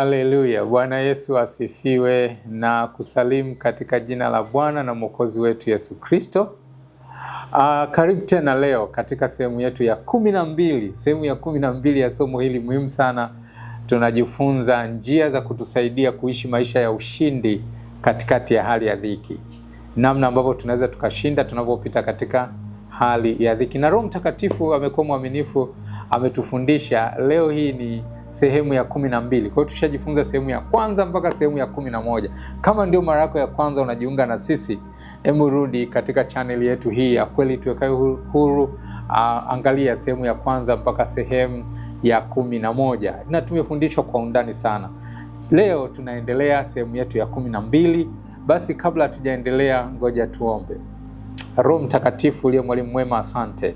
Haleluya! Bwana Yesu asifiwe na kusalimu katika jina la Bwana na Mwokozi wetu Yesu Kristo. Uh, karibu tena leo katika sehemu yetu ya kumi na mbili, sehemu ya kumi na mbili ya somo hili muhimu sana. Tunajifunza njia za kutusaidia kuishi maisha ya ushindi katikati ya hali ya dhiki, namna ambavyo tunaweza tukashinda tunapopita katika hali ya dhiki, na Roho Mtakatifu amekuwa mwaminifu, ametufundisha leo hii ni sehemu ya kumi na mbili. Kwa hiyo tushajifunza sehemu ya kwanza mpaka sehemu ya kumi na moja. Kama ndio mara yako ya kwanza unajiunga na sisi, hebu rudi katika chaneli yetu hii ya Kweli Tuwekae Huru. Uh, angalia sehemu ya kwanza mpaka sehemu ya kumi na moja na tumefundishwa kwa undani sana. Leo tunaendelea sehemu yetu ya kumi na mbili. Basi kabla hatujaendelea, ngoja tuombe. Roho Mtakatifu uliye mwalimu mwema, asante.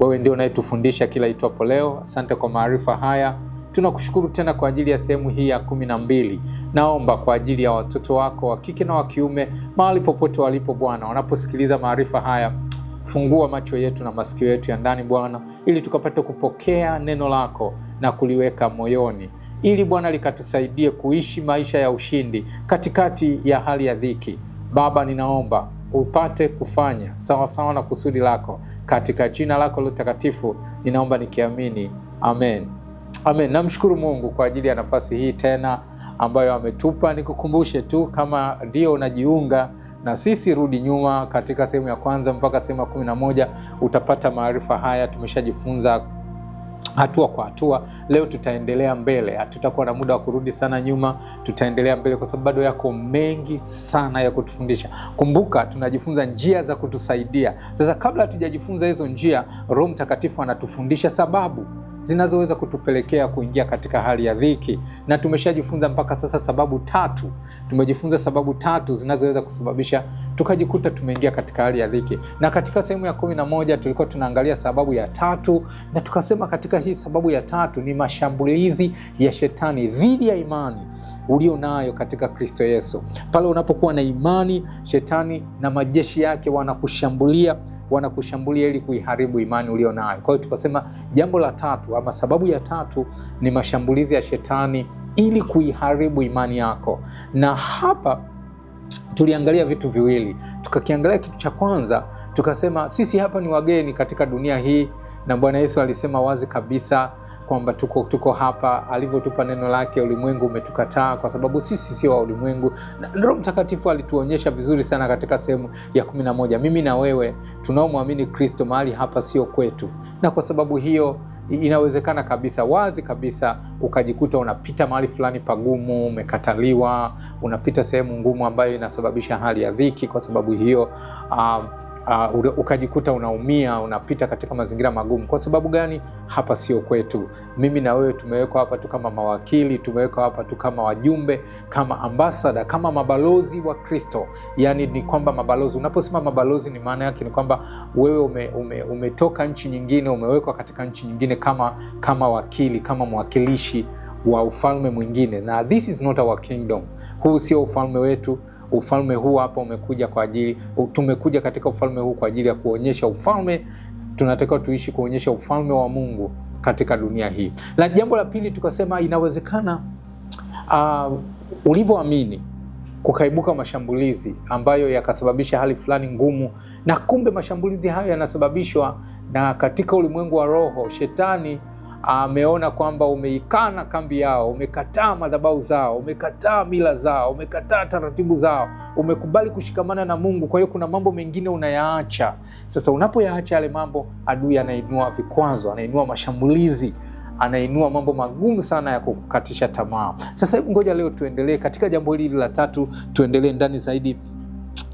Wewe ndio unayetufundisha kila itwapo leo. Asante kwa maarifa haya Tunakushukuru tena kwa ajili ya sehemu hii ya kumi na mbili. Naomba kwa ajili ya watoto wako wa kike na wa kiume, mahali popote walipo Bwana, wanaposikiliza maarifa haya Fungua macho yetu na masikio yetu ya ndani Bwana, ili tukapate kupokea neno lako na kuliweka moyoni, ili Bwana likatusaidie kuishi maisha ya ushindi katikati ya hali ya dhiki. Baba, ninaomba upate kufanya sawasawa na kusudi lako, katika jina lako takatifu ninaomba nikiamini, amen. Amen. Namshukuru Mungu kwa ajili ya nafasi hii tena ambayo ametupa. Nikukumbushe tu kama ndio unajiunga na sisi, rudi nyuma katika sehemu ya kwanza mpaka sehemu ya kumi na moja utapata maarifa haya. Tumeshajifunza hatua kwa hatua. Leo tutaendelea mbele, hatutakuwa na muda wa kurudi sana nyuma, tutaendelea mbele kwa sababu bado yako mengi sana ya kutufundisha. Kumbuka tunajifunza njia za kutusaidia. Sasa kabla hatujajifunza hizo njia, Roho Mtakatifu anatufundisha sababu zinazoweza kutupelekea kuingia katika hali ya dhiki, na tumeshajifunza mpaka sasa sababu tatu. Tumejifunza sababu tatu zinazoweza kusababisha tukajikuta tumeingia katika hali ya dhiki, na katika sehemu ya kumi na moja tulikuwa tunaangalia sababu ya tatu na tukasema katika hii sababu ya tatu ni mashambulizi ya shetani dhidi ya imani ulio nayo katika Kristo Yesu. Pale unapokuwa na imani, shetani na majeshi yake wanakushambulia wanakushambulia ili kuiharibu imani ulio nayo. Kwa hiyo tukasema jambo la tatu ama sababu ya tatu ni mashambulizi ya shetani ili kuiharibu imani yako, na hapa tuliangalia vitu viwili, tukakiangalia kitu cha kwanza, tukasema sisi hapa ni wageni katika dunia hii na Bwana Yesu alisema wazi kabisa kwamba tuko tuko hapa, alivyotupa neno lake, ulimwengu umetukataa kwa sababu sisi sio wa ulimwengu. Roho Mtakatifu alituonyesha vizuri sana katika sehemu ya kumi na moja. Mimi na wewe tunaomwamini Kristo mahali hapa sio kwetu, na kwa sababu hiyo inawezekana kabisa, wazi kabisa, ukajikuta unapita mahali fulani pagumu, umekataliwa, unapita sehemu ngumu ambayo inasababisha hali ya dhiki. Kwa sababu hiyo um, uh, ukajikuta unaumia, unapita katika mazingira magumu. Kwa sababu gani? Hapa sio kwetu. Mimi na wewe tumewekwa hapa tu kama mawakili, tumewekwa hapa tu kama wajumbe, kama ambasada, kama mabalozi wa Kristo. Yani ni kwamba mabalozi, unaposema mabalozi, ni maana yake ni kwamba wewe ume, ume, umetoka nchi nyingine, umewekwa katika nchi nyingine kama, kama wakili kama mwakilishi wa ufalme mwingine, na this is not our kingdom. Huu sio ufalme wetu. Ufalme huu hapa umekuja kwa ajili, tumekuja katika ufalme huu kwa ajili ya kuonyesha ufalme, tunatakiwa tuishi kuonyesha ufalme wa Mungu katika dunia hii. Na jambo la pili tukasema, inawezekana uh, ulivyoamini kukaibuka mashambulizi ambayo yakasababisha hali fulani ngumu, na kumbe mashambulizi hayo yanasababishwa na katika ulimwengu wa roho shetani ameona kwamba umeikana kambi yao, umekataa madhabahu zao, umekataa mila zao, umekataa taratibu zao, umekubali kushikamana na Mungu. Kwa hiyo kuna mambo mengine unayaacha. Sasa unapoyaacha yale mambo, adui anainua vikwazo, anainua mashambulizi, anainua mambo magumu sana ya kukatisha tamaa. Sasa hebu ngoja leo tuendelee katika jambo hili la tatu, tuendelee ndani zaidi,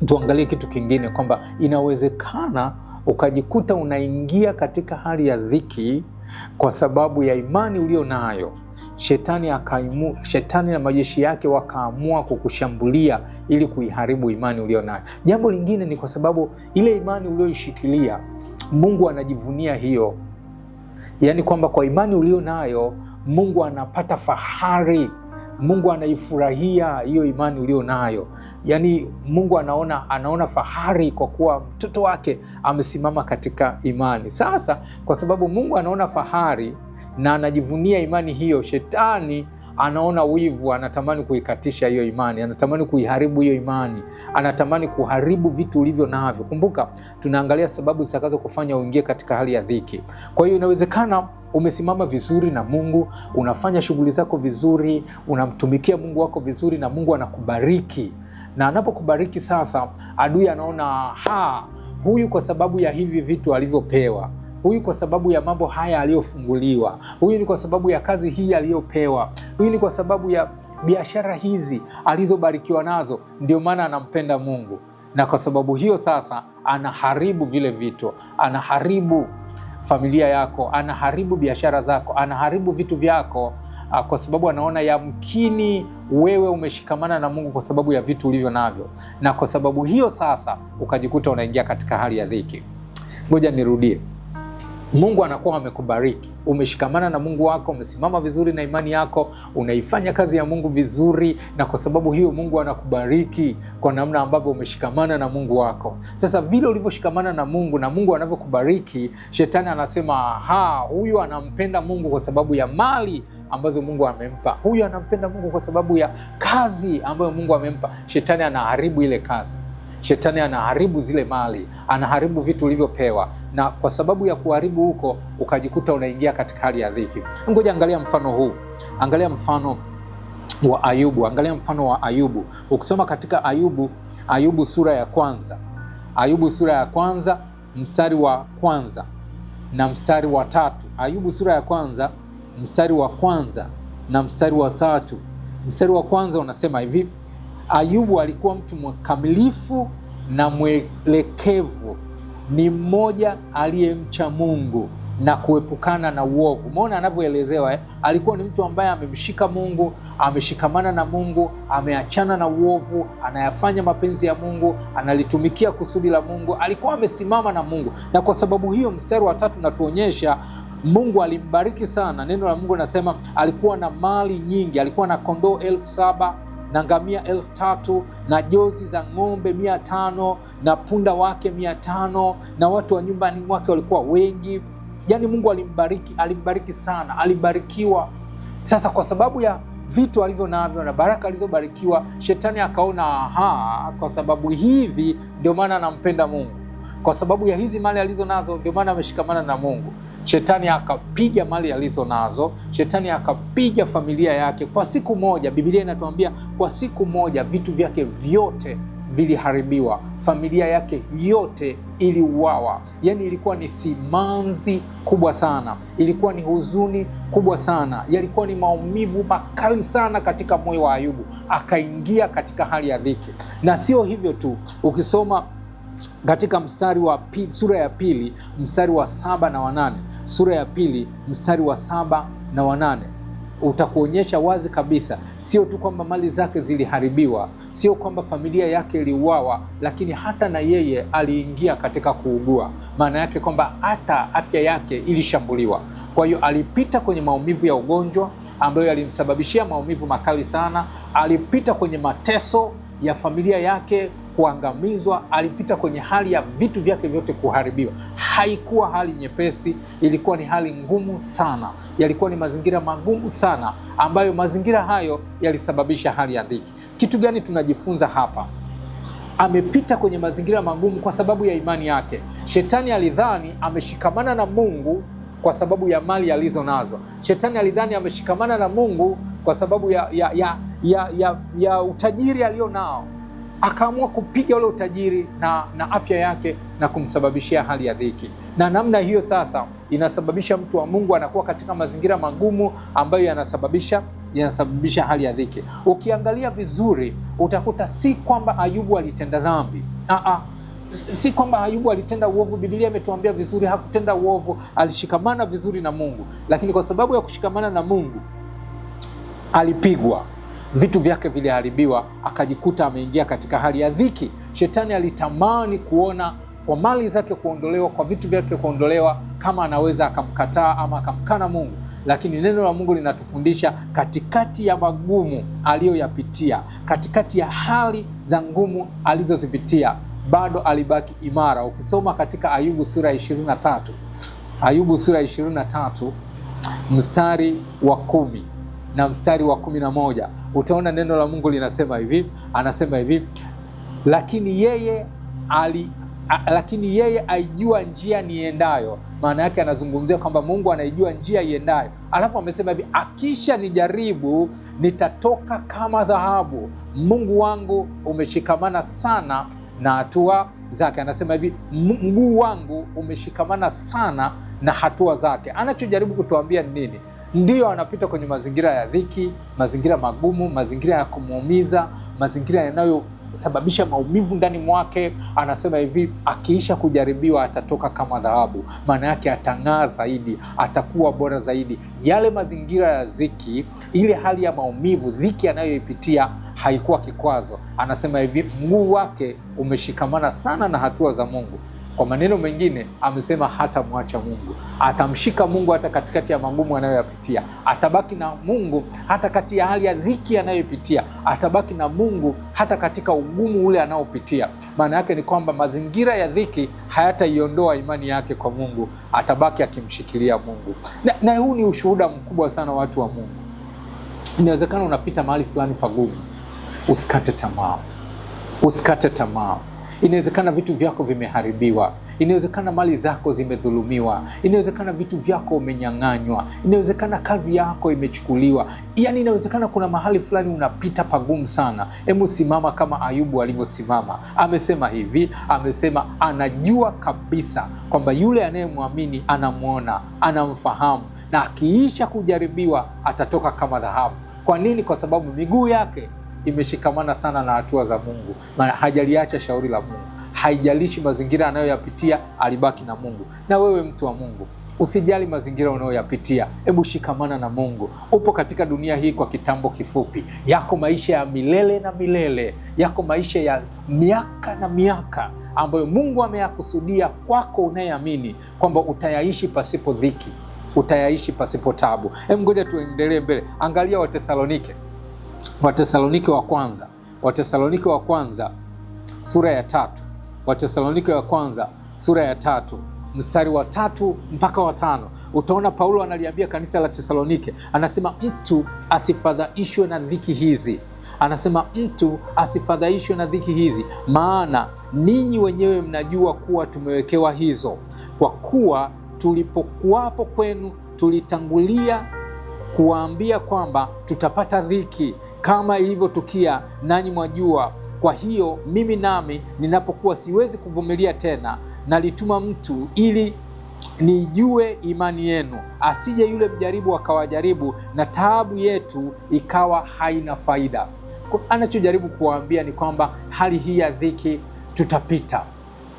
tuangalie kitu kingine kwamba inawezekana ukajikuta unaingia katika hali ya dhiki kwa sababu ya imani ulio nayo. Shetani akaimu, shetani na majeshi yake wakaamua kukushambulia ili kuiharibu imani ulio nayo. Jambo lingine ni kwa sababu ile imani ulioishikilia, Mungu anajivunia hiyo, yaani kwamba kwa imani ulio nayo Mungu anapata fahari Mungu anaifurahia hiyo imani ulio nayo, yaani Mungu anaona, anaona fahari kwa kuwa mtoto wake amesimama katika imani. Sasa kwa sababu Mungu anaona fahari na anajivunia imani hiyo, shetani anaona wivu, anatamani kuikatisha hiyo imani, anatamani kuiharibu hiyo imani, anatamani kuharibu vitu ulivyo navyo. Kumbuka tunaangalia sababu zitakazo kufanya uingie katika hali ya dhiki. Kwa hiyo inawezekana umesimama vizuri na Mungu, unafanya shughuli zako vizuri, unamtumikia Mungu wako vizuri, na Mungu anakubariki. Na anapokubariki sasa, adui anaona ha, huyu kwa sababu ya hivi vitu alivyopewa huyu kwa sababu ya mambo haya aliyofunguliwa, huyu ni kwa sababu ya kazi hii aliyopewa, huyu ni kwa sababu ya biashara hizi alizobarikiwa nazo. Ndio maana anampenda Mungu, na kwa sababu hiyo sasa anaharibu vile vitu, anaharibu familia yako, anaharibu biashara zako, anaharibu vitu vyako, ah, kwa sababu anaona yamkini wewe umeshikamana na Mungu kwa sababu ya vitu ulivyo navyo, na kwa sababu hiyo sasa ukajikuta unaingia katika hali ya dhiki. Ngoja nirudie. Mungu anakuwa amekubariki, umeshikamana na Mungu wako, umesimama vizuri na imani yako, unaifanya kazi ya Mungu vizuri, na kwa sababu hiyo Mungu anakubariki kwa namna ambavyo umeshikamana na Mungu wako. Sasa vile ulivyoshikamana na Mungu na Mungu anavyokubariki, shetani anasema, aha, huyu anampenda Mungu kwa sababu ya mali ambazo Mungu amempa, huyu anampenda Mungu kwa sababu ya kazi ambayo Mungu amempa. Shetani anaharibu ile kazi. Shetani anaharibu zile mali, anaharibu vitu ulivyopewa, na kwa sababu ya kuharibu huko ukajikuta unaingia katika hali ya dhiki. Ngoja angalia mfano huu, angalia mfano wa Ayubu, angalia mfano wa Ayubu. Ukisoma katika Ayubu, Ayubu sura ya kwanza, Ayubu sura ya kwanza mstari wa kwanza na mstari wa tatu. Ayubu sura ya kwanza mstari wa kwanza na mstari wa tatu. Mstari wa kwanza unasema hivi: Ayubu alikuwa mtu mkamilifu na mwelekevu, ni mmoja aliyemcha Mungu na kuepukana na uovu. Umeona anavyoelezewa eh? Alikuwa ni mtu ambaye amemshika Mungu, ameshikamana na Mungu, ameachana na uovu, anayafanya mapenzi ya Mungu, analitumikia kusudi la Mungu. Alikuwa amesimama na Mungu, na kwa sababu hiyo mstari wa tatu natuonyesha Mungu alimbariki sana. Neno la Mungu linasema alikuwa na mali nyingi, alikuwa na kondoo elfu saba na ngamia elfu tatu na jozi za ng'ombe mia tano na punda wake mia tano na watu wa nyumbani mwake walikuwa wengi. yani Mungu alimbariki, alimbariki sana, alibarikiwa. Sasa kwa sababu ya vitu alivyo navyo na baraka alizobarikiwa, shetani akaona, aha, kwa sababu hivi ndio maana anampenda Mungu kwa sababu ya hizi mali alizo nazo, ndio maana ameshikamana na Mungu. Shetani akapiga mali alizo nazo, shetani akapiga familia yake kwa siku moja. Biblia inatuambia kwa siku moja vitu vyake vyote viliharibiwa, familia yake yote iliuawa. Yani ilikuwa ni simanzi kubwa sana, ilikuwa ni huzuni kubwa sana, yalikuwa ni maumivu makali sana katika moyo wa Ayubu. Akaingia katika hali ya dhiki, na sio hivyo tu, ukisoma katika mstari wa pili, sura ya pili mstari wa saba na wanane sura ya pili mstari wa saba na wanane utakuonyesha wazi kabisa, sio tu kwamba mali zake ziliharibiwa, sio kwamba familia yake iliuawa, lakini hata na yeye aliingia katika kuugua. Maana yake kwamba hata afya yake ilishambuliwa. Kwa hiyo alipita kwenye maumivu ya ugonjwa ambayo yalimsababishia maumivu makali sana, alipita kwenye mateso ya familia yake kuangamizwa, alipita kwenye hali ya vitu vyake vyote kuharibiwa. Haikuwa hali nyepesi, ilikuwa ni hali ngumu sana, yalikuwa ni mazingira magumu sana, ambayo mazingira hayo yalisababisha hali ya dhiki. Kitu gani tunajifunza hapa? Amepita kwenye mazingira magumu kwa sababu ya imani yake. Shetani alidhani ameshikamana na Mungu kwa sababu ya mali alizo nazo. Shetani alidhani ameshikamana na Mungu kwa sababu ya, ya, ya, ya, ya, ya utajiri nao akaamua kupiga ule utajiri na, na afya yake na kumsababishia hali ya dhiki. Na namna hiyo sasa inasababisha mtu wa Mungu anakuwa katika mazingira magumu ambayo yanasababisha yanasababisha hali ya dhiki. Ukiangalia vizuri utakuta si kwamba Ayubu alitenda dhambi. Aa, si kwamba Ayubu alitenda uovu. Biblia imetuambia vizuri, hakutenda uovu, alishikamana vizuri na Mungu, lakini kwa sababu ya kushikamana na Mungu alipigwa vitu vyake viliharibiwa, akajikuta ameingia katika hali ya dhiki. Shetani alitamani kuona kwa mali zake kuondolewa, kwa vitu vyake kuondolewa, kama anaweza akamkataa ama akamkana Mungu. Lakini neno la Mungu linatufundisha katikati ya magumu aliyoyapitia, katikati ya hali za ngumu alizozipitia, bado alibaki imara. Ukisoma katika Ayubu sura 23, Ayubu sura 23 mstari wa kumi na mstari wa kumi na moja utaona neno la Mungu linasema hivi, anasema hivi lakini yeye ali A, lakini yeye aijua njia niendayo. Maana yake anazungumzia kwamba Mungu anaijua njia iendayo, alafu amesema hivi, akisha nijaribu nitatoka kama dhahabu. Mungu wangu umeshikamana sana na hatua zake. Anasema hivi, mguu wangu umeshikamana sana na hatua zake. Anachojaribu kutuambia ni nini? Ndiyo anapita kwenye mazingira ya dhiki, mazingira magumu, mazingira ya kumuumiza, mazingira yanayosababisha maumivu ndani mwake. Anasema hivi, akiisha kujaribiwa atatoka kama dhahabu. Maana yake atang'aa zaidi, atakuwa bora zaidi. Yale mazingira ya dhiki, ile hali ya maumivu, dhiki anayoipitia haikuwa kikwazo. Anasema hivi, mguu wake umeshikamana sana na hatua za Mungu. Kwa maneno mengine amesema hatamwacha Mungu, atamshika Mungu hata katikati ya magumu anayoyapitia, atabaki na Mungu hata kati ya hali ya dhiki anayopitia atabaki na Mungu hata katika ugumu ule anaopitia. Maana yake ni kwamba mazingira ya dhiki hayataiondoa imani yake kwa Mungu, atabaki akimshikilia Mungu. Na, na huu ni ushuhuda mkubwa sana, watu wa Mungu. Inawezekana unapita mahali fulani pagumu, usikate tamaa, usikate tamaa. Inawezekana vitu vyako vimeharibiwa, inawezekana mali zako zimedhulumiwa, inawezekana vitu vyako umenyang'anywa, inawezekana kazi yako imechukuliwa, yani inawezekana kuna mahali fulani unapita pagumu sana. Hebu simama kama Ayubu alivyosimama. Amesema hivi, amesema anajua kabisa kwamba yule anayemwamini anamwona, anamfahamu, na akiisha kujaribiwa atatoka kama dhahabu. Kwa nini? Kwa sababu miguu yake imeshikamana sana na hatua za Mungu, maana hajaliacha shauri la Mungu. Haijalishi mazingira anayoyapitia, alibaki na Mungu. Na wewe mtu wa Mungu, Usijali mazingira unayoyapitia, hebu shikamana na Mungu. Upo katika dunia hii kwa kitambo kifupi, yako maisha ya milele na milele, yako maisha ya miaka na miaka ambayo Mungu ameyakusudia kwako, unayeamini kwamba utayaishi pasipo dhiki, utayaishi pasipo tabu. Hebu ngoja tuendelee mbele, angalia Watesalonike Watesalonike wa kwanza, Watesalonike wa kwanza sura ya tatu, Watesalonike wa kwanza sura ya tatu mstari wa tatu mpaka watano utaona Paulo analiambia kanisa la Tesalonike, anasema mtu asifadhaishwe na dhiki hizi anasema mtu asifadhaishwe na dhiki hizi, maana ninyi wenyewe mnajua kuwa tumewekewa hizo, kwa kuwa tulipokuwapo kwenu tulitangulia kuwaambia kwamba tutapata dhiki kama ilivyotukia nanyi mwajua. Kwa hiyo mimi nami ninapokuwa siwezi kuvumilia tena, nalituma mtu ili nijue imani yenu, asije yule mjaribu akawajaribu na taabu yetu ikawa haina faida. Anachojaribu kuwaambia ni kwamba hali hii ya dhiki tutapita.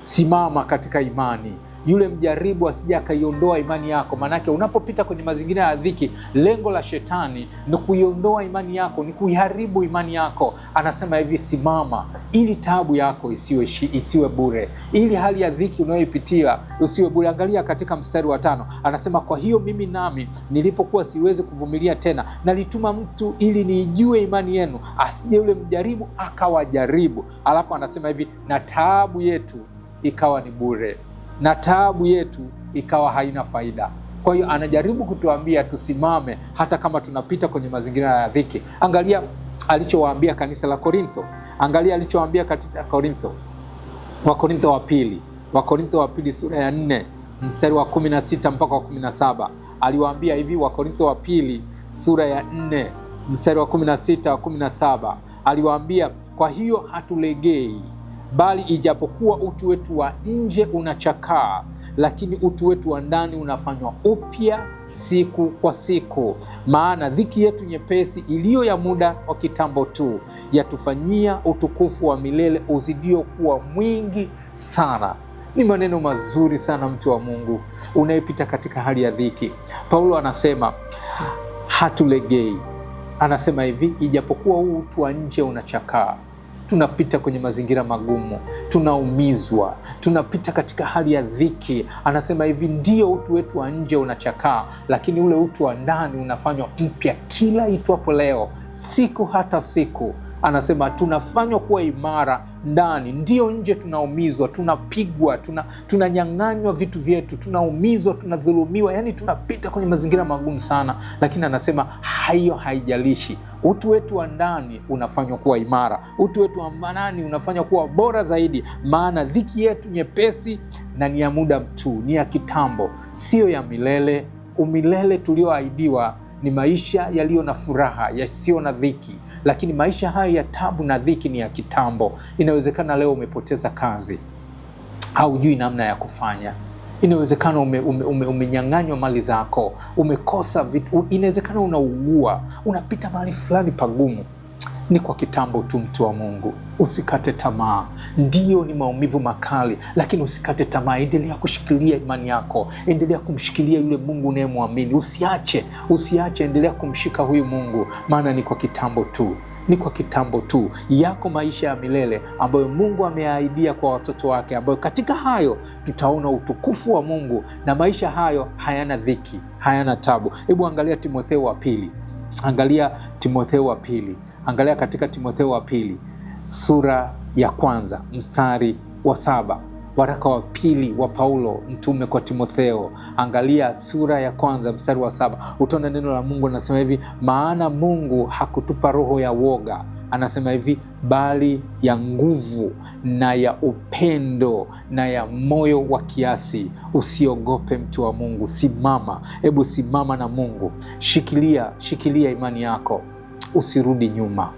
Simama katika imani yule mjaribu asija akaiondoa imani yako. Maanake unapopita kwenye mazingira ya dhiki, lengo la shetani ni kuiondoa imani yako, ni kuiharibu imani yako. Anasema hivi, simama, ili taabu yako isiwe, isiwe bure, ili hali ya dhiki unayoipitia usiwe bure. Angalia katika mstari wa tano, anasema kwa hiyo mimi nami nilipokuwa siwezi kuvumilia tena, nalituma mtu ili niijue imani yenu, asije yule mjaribu akawajaribu. Alafu anasema hivi, na taabu yetu ikawa ni bure na taabu yetu ikawa haina faida. Kwa hiyo anajaribu kutuambia tusimame, hata kama tunapita kwenye mazingira ya dhiki. Angalia alichowaambia kanisa la Korintho, angalia alichowaambia katika Korintho, Wakorintho wa pili, Wakorintho wa pili sura ya nne mstari wa kumi na sita mpaka wa kumi na saba aliwaambia hivi. Wakorintho wa pili sura ya nne mstari wa kumi na sita wa kumi na saba aliwaambia, kwa hiyo hatulegei bali ijapokuwa utu wetu wa nje unachakaa, lakini utu wetu wa ndani unafanywa upya siku kwa siku. Maana dhiki yetu nyepesi iliyo ya muda wa kitambo tu yatufanyia utukufu wa milele uzidio kuwa mwingi sana. Ni maneno mazuri sana, mtu wa Mungu unayepita katika hali ya dhiki. Paulo anasema hatulegei, anasema hivi, ijapokuwa huu utu wa nje unachakaa tunapita kwenye mazingira magumu, tunaumizwa, tunapita katika hali ya dhiki. Anasema hivi, ndio utu wetu wa nje unachakaa, lakini ule utu wa ndani unafanywa mpya kila itwapo leo, siku hata siku anasema tunafanywa kuwa imara ndani, ndio nje tunaumizwa, tunapigwa, tunanyang'anywa, tuna vitu vyetu, tunaumizwa, tunadhulumiwa, yani tunapita kwenye mazingira magumu sana, lakini anasema hayo haijalishi, utu wetu wa ndani unafanywa kuwa imara, utu wetu wa ndani unafanywa kuwa bora zaidi, maana dhiki yetu nyepesi na ni ya muda tu, ni ya kitambo, siyo ya milele. Umilele tulioahidiwa ni maisha yaliyo na furaha yasiyo na dhiki, lakini maisha haya ya tabu na dhiki ni ya kitambo. Inawezekana leo umepoteza kazi, au jui namna ya kufanya inawezekana umenyang'anywa ume, ume, ume mali zako, umekosa vitu. Inawezekana unaugua, unapita mahali fulani pagumu ni kwa kitambo tu, mtu wa Mungu, usikate tamaa. ndio ni maumivu makali, lakini usikate tamaa. Endelea kushikilia imani yako, endelea kumshikilia yule Mungu unayemwamini. Usiache, usiache, endelea kumshika huyu Mungu, maana ni kwa kitambo tu, ni kwa kitambo tu. Yako maisha ya milele ambayo Mungu ameahidia kwa watoto wake, ambayo katika hayo tutaona utukufu wa Mungu, na maisha hayo hayana dhiki, hayana tabu. Hebu angalia Timotheo wa pili Angalia Timotheo wa pili, angalia katika Timotheo wa pili sura ya kwanza mstari wa saba waraka wa pili wa Paulo mtume kwa Timotheo, angalia sura ya kwanza mstari wa saba utaona neno la Mungu linasema hivi: maana Mungu hakutupa roho ya woga anasema hivi, bali ya nguvu na ya upendo na ya moyo wa kiasi. Usiogope mtu wa Mungu, simama. Hebu simama na Mungu, shikilia, shikilia imani yako, usirudi nyuma,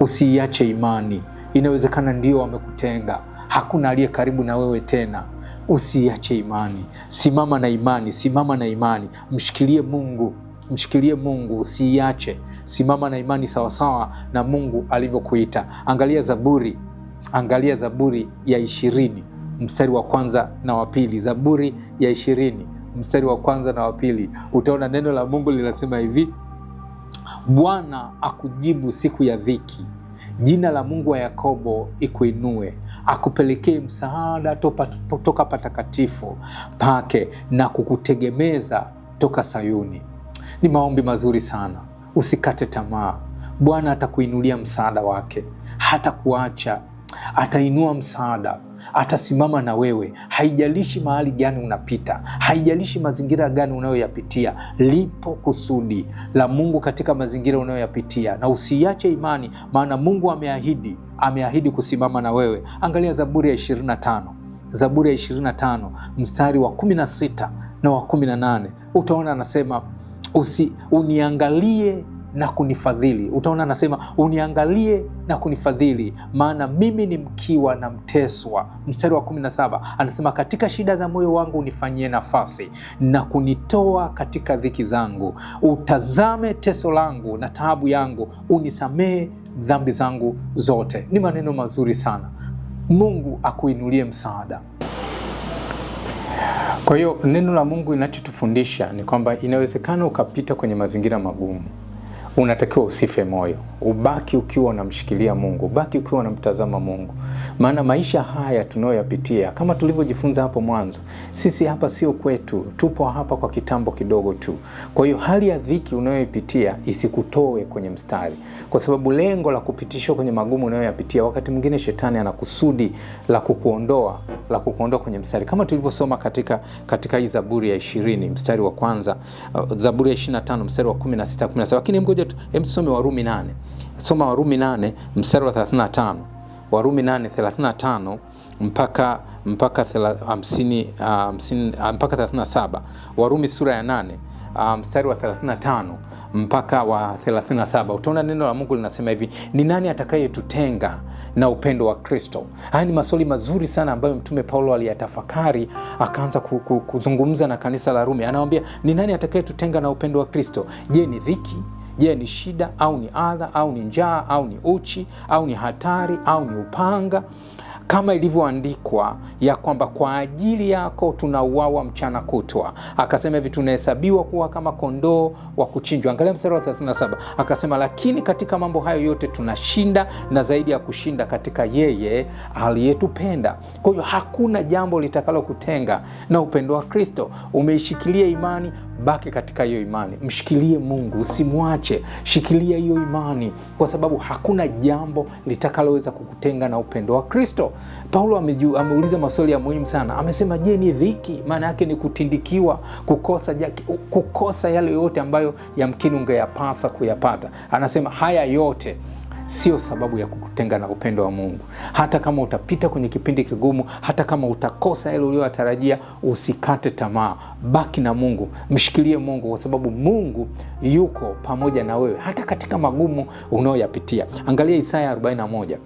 usiiache imani. Inawezekana ndio wamekutenga, hakuna aliye karibu na wewe tena. Usiiache imani, simama na imani, simama na imani, mshikilie Mungu, mshikilie Mungu, usiiache simama na imani sawasawa na Mungu alivyokuita. Angalia Zaburi, angalia Zaburi ya ishirini mstari wa kwanza na wa pili. Zaburi ya ishirini mstari wa kwanza na wa pili, utaona neno la Mungu linasema hivi: Bwana akujibu siku ya dhiki, jina la Mungu wa Yakobo ikuinue, akupelekee msaada topa, toka patakatifu pake na kukutegemeza toka Sayuni. Ni maombi mazuri sana. Usikate tamaa. Bwana atakuinulia msaada wake, hatakuacha, atainua msaada, atasimama na wewe. Haijalishi mahali gani unapita, haijalishi mazingira gani unayoyapitia, lipo kusudi la Mungu katika mazingira unayoyapitia, na usiiache imani, maana Mungu ameahidi, ameahidi kusimama na wewe. Angalia Zaburi ya 25 Zaburi ya 25 mstari wa 16 na wa 18, utaona anasema usi, uniangalie na kunifadhili. Utaona anasema uniangalie na kunifadhili, maana mimi ni mkiwa na mteswa. Mstari wa 17 anasema katika shida za moyo wangu unifanyie nafasi na kunitoa katika dhiki zangu, utazame teso langu na taabu yangu, unisamehe dhambi zangu zote. Ni maneno mazuri sana. Mungu akuinulie msaada. Kwa hiyo neno la Mungu inachotufundisha ni kwamba inawezekana ukapita kwenye mazingira magumu, unatakiwa usife moyo, ubaki ukiwa unamshikilia Mungu, ubaki ukiwa unamtazama Mungu, maana maisha haya tunayoyapitia, kama tulivyojifunza hapo mwanzo, sisi hapa sio kwetu, tupo hapa kwa kitambo kidogo tu. Kwa hiyo hali ya dhiki unayoipitia isikutoe kwenye mstari, kwa sababu lengo la kupitishwa kwenye magumu unayoyapitia, wakati mwingine shetani ana kusudi la kukuondoa la kukuondoa kwenye mstari, kama tulivyosoma katika katika hii Zaburi ya 20 mstari wa kwanza, uh, Zaburi ya 25 mstari wa 16 17, lakini mgoja tu, hem, tusome Warumi nane soma Warumi nane mstari wa 35 Warumi 35 mpaka mpaka 50 50 ah, ah, mpaka 37. Warumi sura ya 8 ah, mstari wa 35 mpaka wa 37, utaona neno la Mungu linasema hivi: ni nani atakayetutenga na upendo wa Kristo? Haya ni maswali mazuri sana ambayo Mtume Paulo aliyatafakari akaanza kuzungumza na kanisa la Rumi. Anawambia, ni nani atakayetutenga na upendo wa Kristo? Je, ni dhiki Je, ni shida au ni adha au ni njaa au ni uchi au ni hatari au ni upanga? Kama ilivyoandikwa ya kwamba kwa ajili yako tunauawa mchana kutwa, akasema hivi tunahesabiwa kuwa kama kondoo wa kuchinjwa. Angalia mstari wa 37, akasema lakini katika mambo hayo yote tunashinda na zaidi ya kushinda katika yeye aliyetupenda. Kwa hiyo hakuna jambo litakalokutenga na upendo wa Kristo. Umeishikilia imani baki katika hiyo imani, mshikilie Mungu, usimwache, shikilia hiyo imani, kwa sababu hakuna jambo litakaloweza kukutenga na upendo wa Kristo. Paulo ameuliza maswali ya muhimu sana. Amesema, je, ni dhiki? Maana yake ni kutindikiwa, kukosa, kukosa yale yote ambayo yamkini ungeyapasa kuyapata. Anasema haya yote sio sababu ya kukutenga na upendo wa Mungu. Hata kama utapita kwenye kipindi kigumu, hata kama utakosa yale uliyotarajia, usikate tamaa, baki na Mungu, mshikilie Mungu kwa sababu Mungu yuko pamoja na wewe hata katika magumu unayoyapitia. Angalia Isaya 41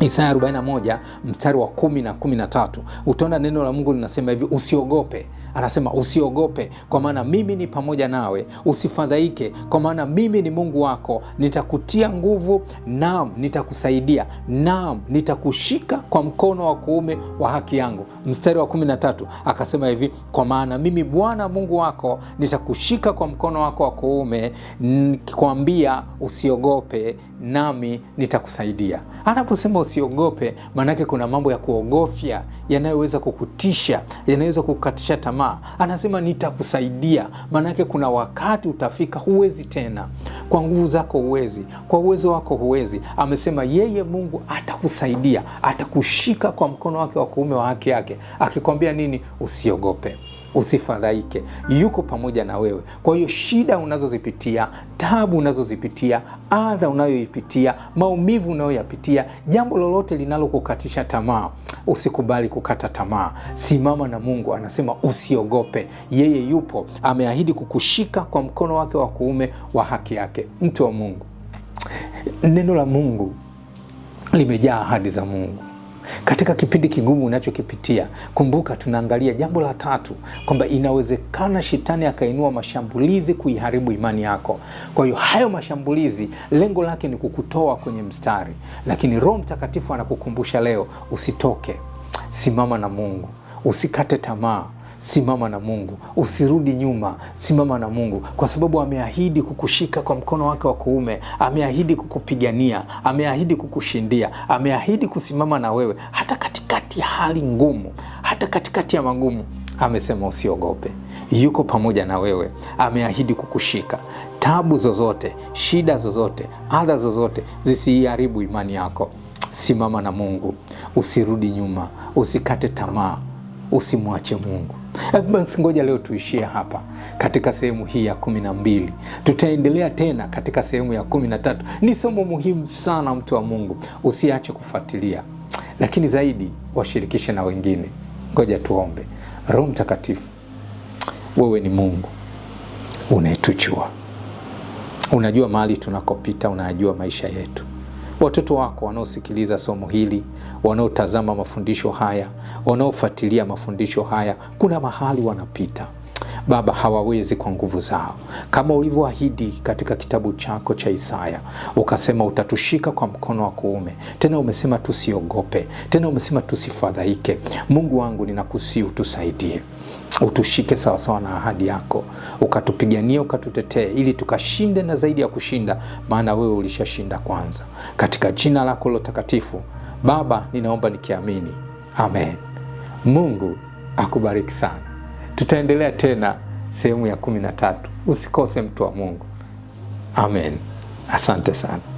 Isaya 41 mstari wa 10 na 13 utaona neno la Mungu linasema hivi, usiogope. Anasema usiogope, kwa maana mimi ni pamoja nawe, usifadhaike, kwa maana mimi ni Mungu wako, nitakutia nguvu, naam nitakusaidia, naam nitakushika kwa mkono wa kuume wa haki yangu. Mstari wa 13 akasema hivi, kwa maana mimi Bwana Mungu wako nitakushika kwa mkono wako wa kuume, nikikwambia usiogope, nami nitakusaidia. Anaposema usiogope, maanake kuna mambo ya kuogofya yanayoweza kukutisha, yanayoweza kukatisha tamaa. Anasema nitakusaidia, maanake kuna wakati utafika, huwezi tena, kwa nguvu zako huwezi, kwa uwezo wako huwezi. Amesema yeye Mungu atakusaidia, atakushika kwa mkono wake wa kuume wa haki yake, akikwambia nini? Usiogope usifadhaike, yuko pamoja na wewe. Kwa hiyo shida unazozipitia, tabu unazozipitia, adha unayoipitia, maumivu unayoyapitia, jambo lolote linalokukatisha tamaa, usikubali kukata tamaa. Simama na Mungu, anasema usiogope, yeye yupo, ameahidi kukushika kwa mkono wake wa kuume wa haki yake. Mtu wa Mungu, neno la Mungu limejaa ahadi za Mungu katika kipindi kigumu unachokipitia. Kumbuka, tunaangalia jambo la tatu kwamba inawezekana shetani akainua mashambulizi kuiharibu imani yako. Kwa hiyo hayo mashambulizi lengo lake ni kukutoa kwenye mstari, lakini Roho Mtakatifu anakukumbusha leo, usitoke, simama na Mungu, usikate tamaa simama na Mungu, usirudi nyuma, simama na Mungu kwa sababu ameahidi kukushika kwa mkono wake wa kuume, ameahidi kukupigania, ameahidi kukushindia, ameahidi kusimama na wewe hata katikati ya hali ngumu, hata katikati ya magumu. Amesema usiogope, yuko pamoja na wewe, ameahidi kukushika. Tabu zozote, shida zozote, adha zozote zisiharibu imani yako. Simama na Mungu, usirudi nyuma, usikate tamaa, usimwache Mungu. Eh, basi ngoja leo tuishie hapa katika sehemu hii ya kumi na mbili. Tutaendelea tena katika sehemu ya kumi na tatu. Ni somo muhimu sana, mtu wa Mungu, usiache kufuatilia, lakini zaidi washirikishe na wengine. Ngoja tuombe. Roho Mtakatifu, wewe ni Mungu unayetuchua, unajua mahali tunakopita, unajua maisha yetu. Watoto wako wanaosikiliza somo hili, wanaotazama mafundisho haya, wanaofuatilia mafundisho haya, kuna mahali wanapita Baba, hawawezi kwa nguvu zao, kama ulivyoahidi katika kitabu chako cha Isaya, ukasema utatushika kwa mkono wa kuume. Tena umesema tusiogope, tena umesema tusifadhaike. Mungu wangu, ninakusihi utusaidie utushike sawasawa na ahadi yako, ukatupigania, ukatutetee, ili tukashinde na zaidi ya kushinda, maana wewe ulishashinda kwanza. Katika jina lako lo takatifu, Baba, ninaomba nikiamini, amen. Mungu akubariki sana. Tutaendelea tena sehemu ya kumi na tatu. Usikose mtu wa Mungu, amen. Asante sana.